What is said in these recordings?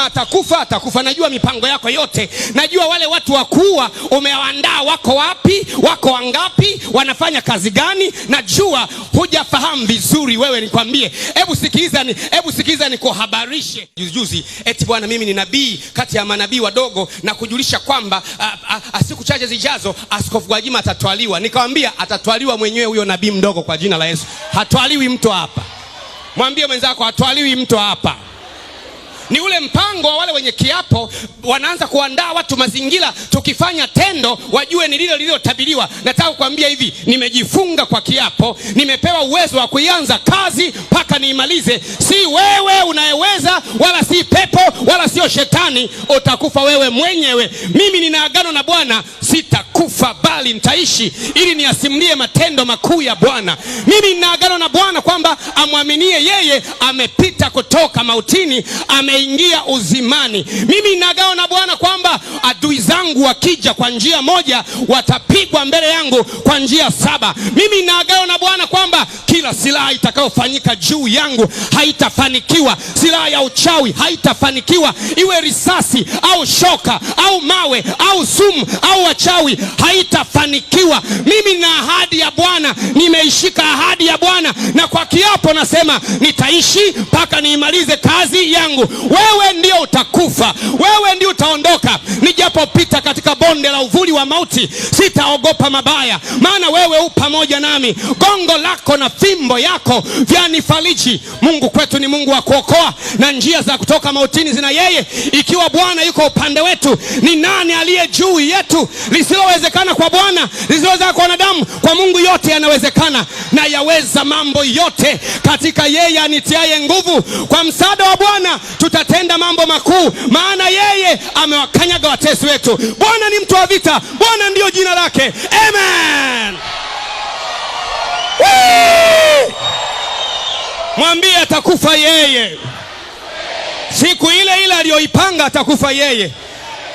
Atakufa, atakufa. Najua mipango yako yote, najua wale watu wakuwa umewaandaa wako wapi, wako wangapi, wanafanya kazi gani. Najua hujafahamu vizuri wewe, nikwambie. Hebu sikiliza, ni hebu sikiliza, nikuhabarishe. Juzi juzi eti bwana, mimi ni nabii kati ya manabii wadogo, na kujulisha kwamba siku chache zijazo Askofu Gwajima atatwaliwa. Nikamwambia atatwaliwa mwenyewe huyo nabii mdogo, kwa jina la Yesu. Hatwaliwi mtu hapa, mwambie mwenzako, hatwaliwi mtu hapa. Ni ule mpango wa wale wenye kiapo, wanaanza kuandaa watu mazingira, tukifanya tendo wajue ni lile lililotabiriwa. Nataka kukwambia hivi, nimejifunga kwa kiapo, nimepewa uwezo wa kuianza kazi mpaka niimalize. Si wewe unayeweza, wala si pepo, wala sio shetani, utakufa wewe mwenyewe. Mimi nina agano na Bwana, sitakufa bali nitaishi, ili niasimulie matendo makuu ya Bwana. Mimi nina agano na Bwana kwamba amwaminie yeye amepita kutoka mautini ame ameingia uzimani. Mimi nagawa na Bwana kwamba adui zangu wakija kwa njia moja watapigwa mbele yangu kwa njia saba. Mimi nagawa na Bwana kwamba kila silaha itakayofanyika juu yangu haitafanikiwa, silaha ya uchawi haitafanikiwa, iwe risasi au shoka au mawe au sumu au wachawi haitafanikiwa. Mimi na ahadi ya Bwana nimeishika ahadi ahadi ya Bwana na kwa kiapo nasema nitaishi mpaka niimalize kazi yangu. Wewe ndio utakufa, wewe ndio utaondoka. Nijapopita katika bonde la uvuli wa mauti, sitaogopa mabaya, maana wewe u pamoja nami. Gongo lako na fimbo yako vyanifariji. Mungu kwetu ni Mungu wa kuokoa, na njia za kutoka mautini zina yeye. Ikiwa Bwana yuko upande wetu, ni nani aliye juu yetu? Lisilowezekana kwa Bwana, lisilowezekana kwa wanadamu, kwa Mungu yote yanawezekana na yawe naweza mambo yote katika yeye anitiaye nguvu. Kwa msaada wa Bwana tutatenda mambo makuu, maana yeye amewakanyaga watesi wetu. Bwana ni mtu wa vita, Bwana ndiyo jina lake. Amen. Mwambie atakufa yeye siku ile ile aliyoipanga, atakufa yeye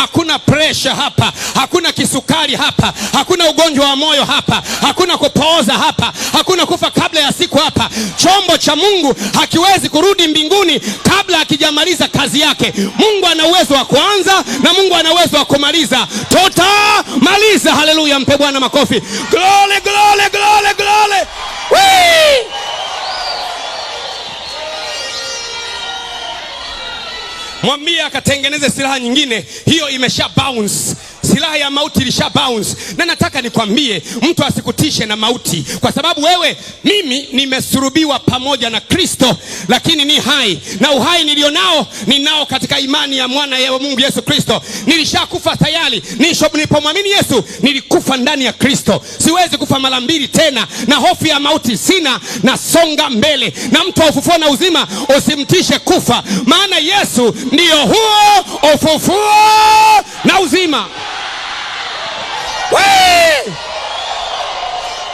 hakuna presha hapa, hakuna kisukari hapa, hakuna ugonjwa wa moyo hapa, hakuna kupooza hapa, hakuna kufa kabla ya siku hapa. Chombo cha Mungu hakiwezi kurudi mbinguni kabla hakijamaliza kazi yake. Mungu ana uwezo wa kuanza na Mungu ana uwezo wa kumaliza. tota maliza Haleluya! Mpe Bwana makofi. Glory, glory, glory, glory. Wee! mwambie akatengeneze silaha nyingine, hiyo imesha bounce silaha ya mauti ilisha bounce, na nataka nikwambie mtu asikutishe na mauti, kwa sababu wewe, mimi nimesurubiwa pamoja na Kristo, lakini ni hai, na uhai nilionao ninao katika imani ya mwana ya Mungu Yesu Kristo. Nilishakufa tayari, nilipomwamini Yesu nilikufa ndani ya Kristo. Siwezi kufa mara mbili tena, na hofu ya mauti sina, nasonga mbele na mtu wa ufufuo na uzima usimtishe kufa, maana Yesu ndiyo huo ufufuo na uzima. way!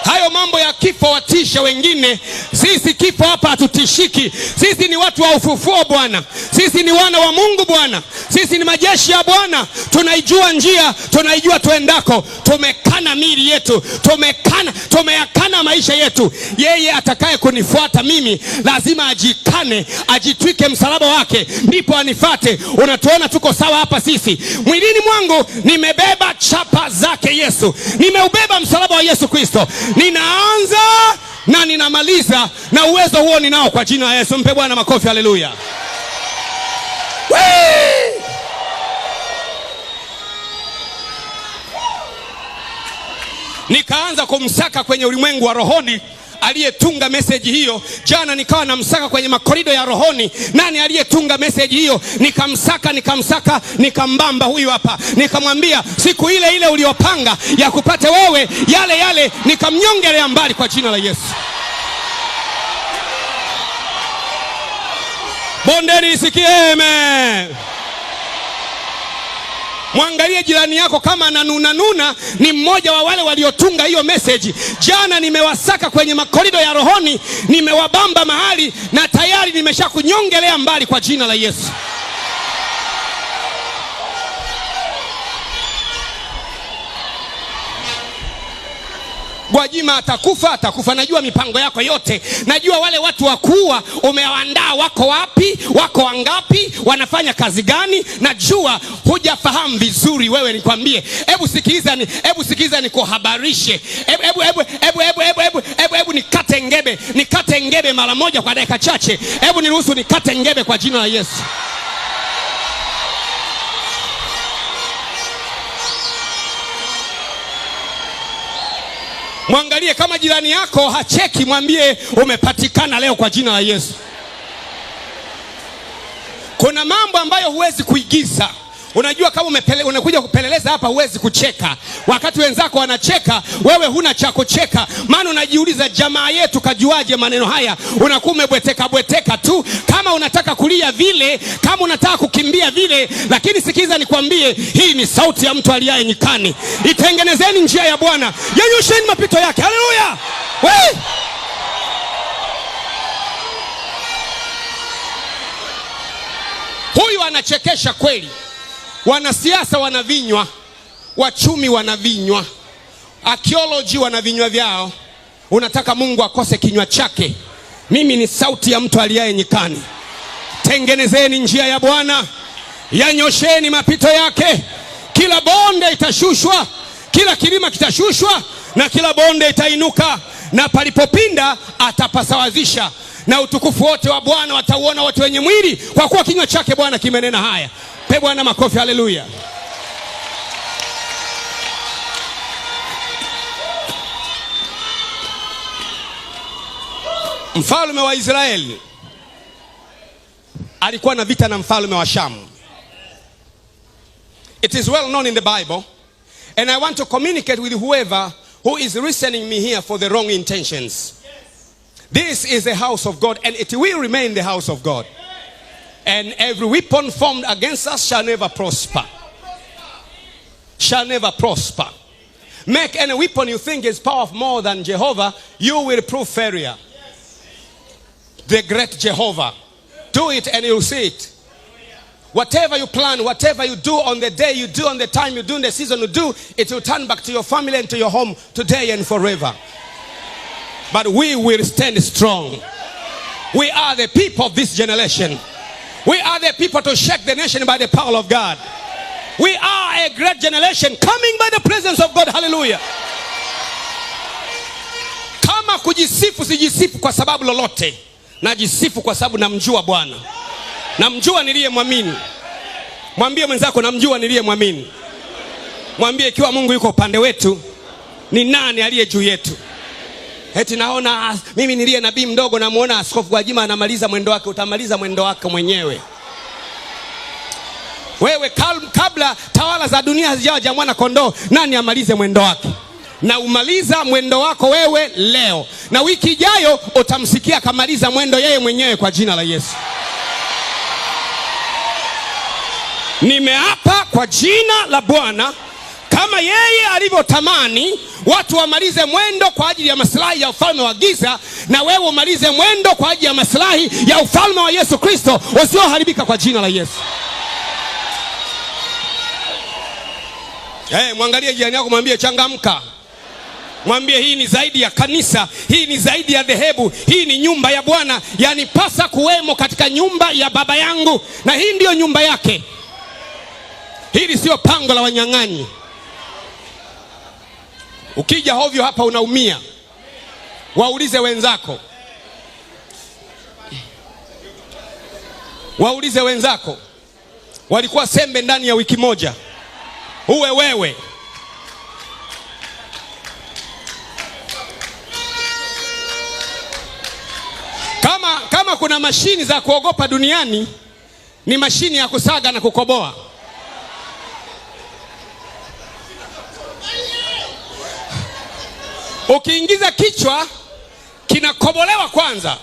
Hayo mambo ya kifo watishe wengine. Sisi kifo hapa hatutishiki. Sisi ni watu wa ufufuo Bwana, sisi ni wana wa Mungu Bwana, sisi ni majeshi ya Bwana. Tunaijua njia, tunaijua tuendako. Tumekana miili yetu, tumekana, tumeyakana maisha yetu. Yeye atakaye kunifuata mimi lazima ajikane, ajitwike msalaba wake, ndipo anifate. Unatuona tuko sawa hapa sisi? Mwilini mwangu nimebeba chapa zake Yesu, nimeubeba msalaba wa Yesu Kristo ninaanza na ninamaliza, na uwezo huo ninao kwa jina la Yesu. Mpe Bwana makofi, haleluya! Nikaanza kumsaka kwenye ulimwengu wa rohoni aliyetunga meseji hiyo jana. Nikawa namsaka kwenye makorido ya rohoni, nani aliyetunga meseji hiyo? Nikamsaka, nikamsaka, nikambamba. Huyu hapa. Nikamwambia siku ile ile uliyopanga ya kupata wewe, yale yale nikamnyongelea mbali kwa jina la Yesu. Bondeni isikie amen. Mwangalie jirani yako kama ananuna nuna, ni mmoja wa wale waliotunga hiyo meseji. Jana nimewasaka kwenye makorido ya rohoni, nimewabamba mahali na tayari nimeshakunyongelea mbali kwa jina la Yesu. Gwajima atakufa, atakufa. Najua mipango yako yote, najua wale watu wakuwa umewaandaa wako wapi, wako wangapi, wanafanya kazi gani. Najua hujafahamu vizuri wewe, nikwambie. Hebu sikiliza, hebu sikiliza, nikuhabarishe. Hebu hebu hebu hebu hebu hebu nikate ngebe, nikate ngebe mara moja kwa dakika chache. Hebu niruhusu nikate ngebe kwa jina la Yesu. Mwangalie kama jirani yako hacheki, mwambie umepatikana leo kwa jina la Yesu. Kuna mambo ambayo huwezi kuigiza. Unajua, kama unakuja kupeleleza hapa, huwezi kucheka wakati wenzako wanacheka, wewe huna cha kucheka, maana unajiuliza jamaa yetu kajuaje maneno haya? Unakuwa umebweteka bweteka tu, kama unataka kulia vile, kama unataka kukimbia vile. Lakini sikiza nikwambie, hii ni sauti ya mtu aliaye nyikani. Itengenezeni njia ya Bwana, yanyosheni mapito yake. Haleluya! huyu anachekesha kweli. Wanasiasa wana vinywa, wachumi wana vinywa, archaeology wana vinywa vyao. Unataka Mungu akose kinywa chake? Mimi ni sauti ya mtu aliaye nyikani. Tengenezeni njia ya Bwana, yanyosheni mapito yake. Kila bonde itashushwa, kila kilima kitashushwa, na kila bonde itainuka, na palipopinda atapasawazisha, na utukufu wote wa Bwana watauona wote wenye mwili, kwa kuwa kinywa chake Bwana kimenena haya. Pe Bwana makofi, haleluya. Mfalme wa Israeli alikuwa na vita na mfalme wa Shamu. It is well known in the Bible and I want to communicate with whoever who is listening me here for the wrong intentions. This is the house of God and it will remain the house of God. And every weapon formed against us shall never prosper. Shall never prosper. Make any weapon you think is powerful more than Jehovah, you will prove failure. The great Jehovah. Do it and you'll see it. Whatever you plan, whatever you do on the day you do, on the time you do, in the season you do, it will turn back to your family and to your home today and forever. But we will stand strong. We are the people of this generation. We are the people to shake the nation by the power of God. We are a great generation coming by the presence of God. Hallelujah. Kama kujisifu, sijisifu kwa sababu lolote, najisifu kwa sababu namjua Bwana, namjua mwamini Mwambie mwenzako, namjua mwamini Mwambie ikiwa Mungu yuko upande wetu, ni nani aliye juu yetu? eti naona mimi niliye nabii mdogo, namuona Askofu Gwajima anamaliza mwendo wake. Utamaliza mwendo wake mwenyewe wewe. Kabla tawala za dunia hazijawa ja mwana kondoo, nani amalize mwendo wake? Na umaliza mwendo wako wewe leo, na wiki ijayo utamsikia akamaliza mwendo yeye mwenyewe kwa jina la Yesu. Nimeapa kwa jina la Bwana kama yeye alivyotamani watu wamalize mwendo kwa ajili ya maslahi ya ufalme wa giza, na wewe umalize mwendo kwa ajili ya maslahi ya ufalme wa Yesu Kristo usioharibika kwa jina la Yesu. Hey, eh, mwangalie jirani yako, mwambie changamka, mwambie hii ni zaidi ya kanisa, hii ni zaidi ya dhehebu, hii ni nyumba ya Bwana. Yanipasa kuwemo katika nyumba ya baba yangu, na hii ndiyo nyumba yake. Hili siyo pango la wanyang'anyi. Ukija hovyo hapa unaumia, waulize wenzako, waulize wenzako, walikuwa sembe ndani ya wiki moja. Uwe wewe kama, kama kuna mashini za kuogopa duniani ni mashini ya kusaga na kukoboa. Ukiingiza kichwa kinakobolewa kwanza.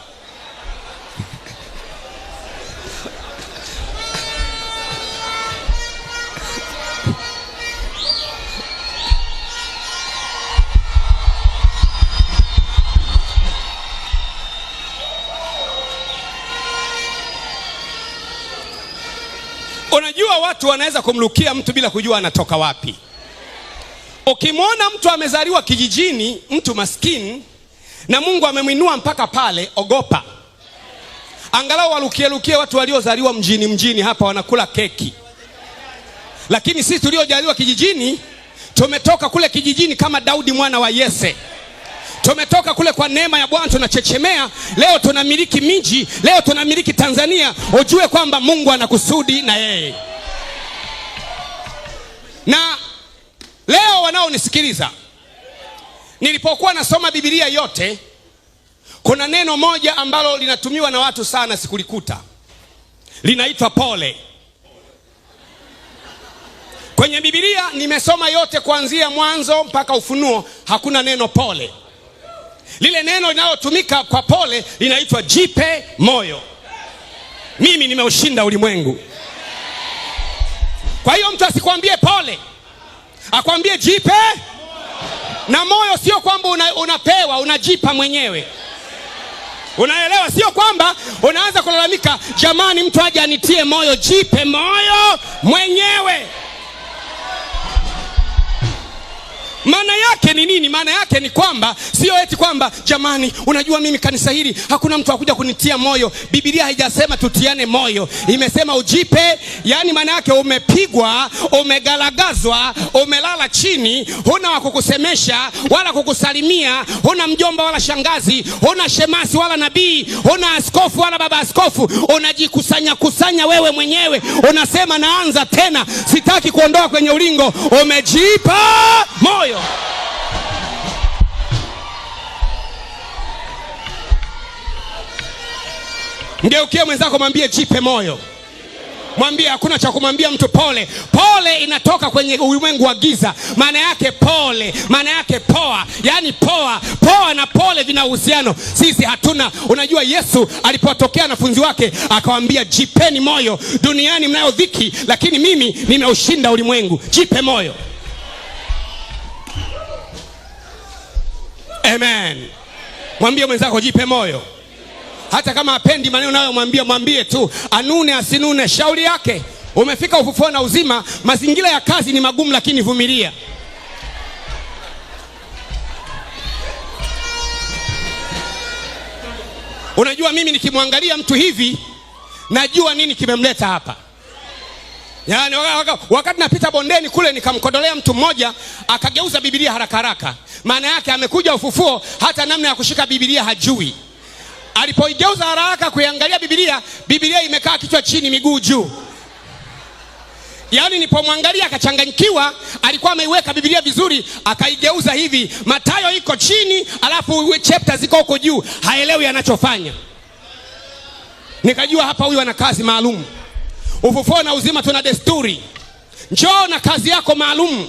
Unajua watu wanaweza kumlukia mtu bila kujua anatoka wapi. Ukimwona mtu amezaliwa kijijini, mtu maskini na Mungu amemwinua mpaka pale, ogopa. Angalau walukielukie watu waliozaliwa mjini mjini hapa wanakula keki, lakini sisi tuliojaliwa kijijini tumetoka kule kijijini kama Daudi mwana wa Yese tumetoka kule kwa neema ya Bwana, tunachechemea leo, tunamiliki miji leo, tunamiliki Tanzania. Ujue kwamba Mungu ana kusudi na yeye. nisikiliza nilipokuwa nasoma Biblia yote, kuna neno moja ambalo linatumiwa na watu sana, sikulikuta, linaitwa pole. Kwenye Biblia nimesoma yote kuanzia Mwanzo mpaka Ufunuo, hakuna neno pole. Lile neno linalotumika kwa pole linaitwa jipe moyo. Mimi nimeushinda ulimwengu. Kwa hiyo mtu asikwambie pole akwambie jipe na moyo. Sio kwamba una, unapewa unajipa mwenyewe, unaelewa? Sio kwamba unaanza kulalamika, jamani, mtu aje anitie moyo. Jipe moyo mwenyewe. Maana yake ni nini? Maana yake ni kwamba sio eti kwamba jamani, unajua mimi kanisa hili hakuna mtu akuja kunitia moyo. Biblia haijasema tutiane moyo, imesema ujipe. Yaani maana yake umepigwa, umegalagazwa, umelala chini, huna wa kukusemesha wala kukusalimia, huna mjomba wala shangazi, huna shemasi wala nabii, huna askofu wala baba askofu. Unajikusanya kusanya wewe mwenyewe, unasema naanza tena, sitaki kuondoa kwenye ulingo. Umejipa moyo hayo. Mgeukie mwenzako, mwambie jipe moyo, mwambie hakuna cha kumwambia mtu pole. Pole inatoka kwenye ulimwengu wa giza, maana yake pole, maana yake poa, yaani poa. Poa na pole vina uhusiano, sisi hatuna. Unajua, Yesu alipotokea wanafunzi wake akawaambia, jipeni moyo, duniani mnayo dhiki, lakini mimi nimeushinda ulimwengu. Jipe moyo. Amen. Mwambie mwenzako jipe moyo. Hata kama apendi maneno nayo mwambie, mwambie tu, anune asinune, shauri yake. Umefika ufufuo na uzima. Mazingira ya kazi ni magumu, lakini vumilia. Unajua, mimi nikimwangalia mtu hivi najua nini kimemleta hapa. Yaani wakati napita bondeni kule nikamkodolea mtu mmoja akageuza Biblia haraka haraka maana yake amekuja ufufuo, hata namna ya kushika Biblia hajui. Alipoigeuza haraka kuiangalia Biblia, Biblia imekaa kichwa chini, miguu juu. Yaani nipomwangalia akachanganyikiwa, alikuwa ameiweka Biblia vizuri, akaigeuza hivi, matayo iko chini, alafu chapter ziko huko juu, haelewi anachofanya. Nikajua hapa huyu ana kazi maalum. Ufufuo na uzima tuna desturi, njoo na kazi yako maalum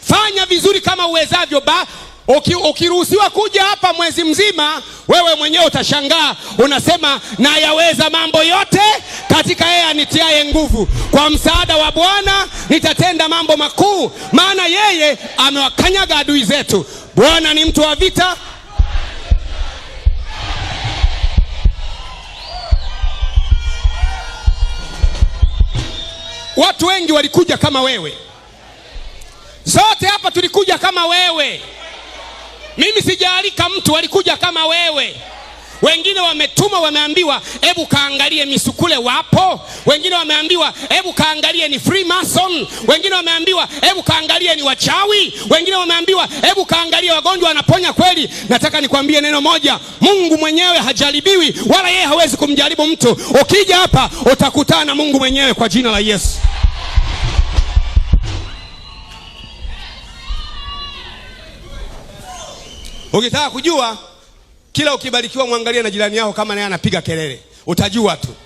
fanya vizuri kama uwezavyo ba Ukiruhusiwa kuja hapa mwezi mzima, wewe mwenyewe utashangaa, unasema nayaweza mambo yote katika yeye anitiaye nguvu. Kwa msaada wa Bwana nitatenda mambo makuu, maana yeye amewakanyaga adui zetu. Bwana ni mtu wa vita. Watu wengi walikuja kama wewe. Sote hapa tulikuja kama wewe. Mimi sijaalika mtu, alikuja kama wewe. Wengine wametumwa, wameambiwa hebu kaangalie misukule wapo. Wengine wameambiwa hebu kaangalie ni Freemason. Wengine wameambiwa hebu kaangalie ni wachawi. Wengine wameambiwa hebu kaangalie wagonjwa wanaponya kweli. Nataka nikwambie neno moja, Mungu mwenyewe hajaribiwi wala yeye hawezi kumjaribu mtu. Ukija hapa utakutana na Mungu mwenyewe kwa jina la Yesu. Ukitaka kujua, kila ukibarikiwa, mwangalia na jirani yako kama naye anapiga kelele, utajua tu.